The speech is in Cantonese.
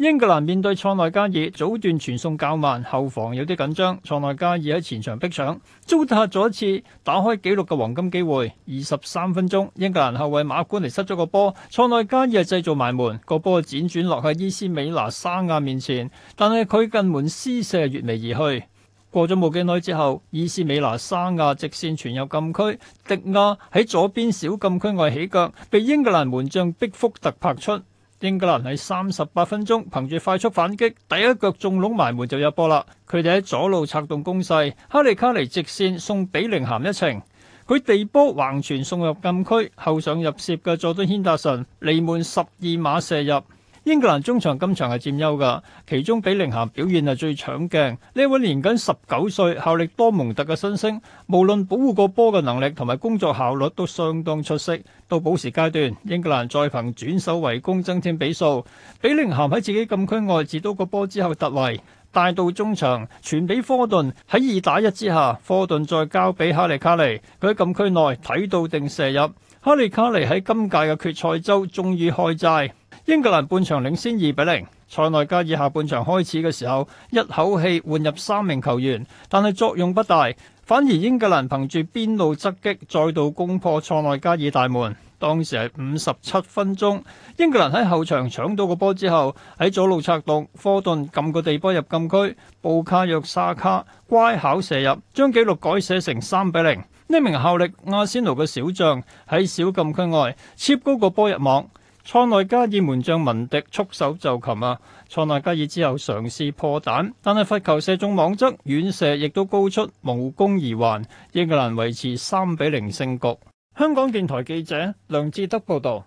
英格蘭面對塞內加爾，早段傳送較慢，後防有啲緊張。塞內加爾喺前場逼搶，糟蹋咗一次打開紀錄嘅黃金機會。二十三分鐘，英格蘭後衛馬冠尼失咗個波，塞內加爾製造埋門，個波輾轉落去伊斯美拿沙亞面前，但係佢近門施射越嚟而去。過咗冇幾耐之後，伊斯美拿沙亞直線傳入禁區，迪亞喺左邊小禁區外起腳，被英格蘭門將碧福特拍出。英格蘭喺三十八分鐘憑住快速反擊，第一腳中籠埋門就入波啦。佢哋喺左路策動攻勢，哈利卡尼直線送比寧咸一程，佢地波橫傳送入禁區，後上入楔嘅佐敦軒達臣離門十二碼射入。英格蘭中場今場係佔優噶其中比寧咸表現係最搶鏡。呢位年僅十九歲效力多蒙特嘅新星，無論保護個波嘅能力同埋工作效率都相當出色。到補時階段，英格蘭再憑轉守為攻增添比數。比寧咸喺自己禁區外接到個波之後突圍，帶到中場傳俾科頓，喺二打一之下，科頓再交俾哈利卡尼。佢喺禁區內睇到定射入。哈利卡尼喺今屆嘅決賽周終於開齋。英格蘭半場領先二比零，塞內加爾下半場開始嘅時候，一口氣換入三名球員，但係作用不大，反而英格蘭憑住邊路側擊，再度攻破塞內加爾大門。當時係五十七分鐘，英格蘭喺後場搶到個波之後，喺左路策動，科頓撳個地波入禁區，布卡約沙卡乖巧射入，將紀錄改寫成三比零。呢名效力阿仙奴嘅小將喺小禁區外，切高個波入網。塞內加爾門將文迪束手就擒啊！塞內加爾之後嘗試破蛋，但係罰球射中網側，遠射亦都高出，無功而還，英格蘭維持三比零勝局。香港電台記者梁志德報道。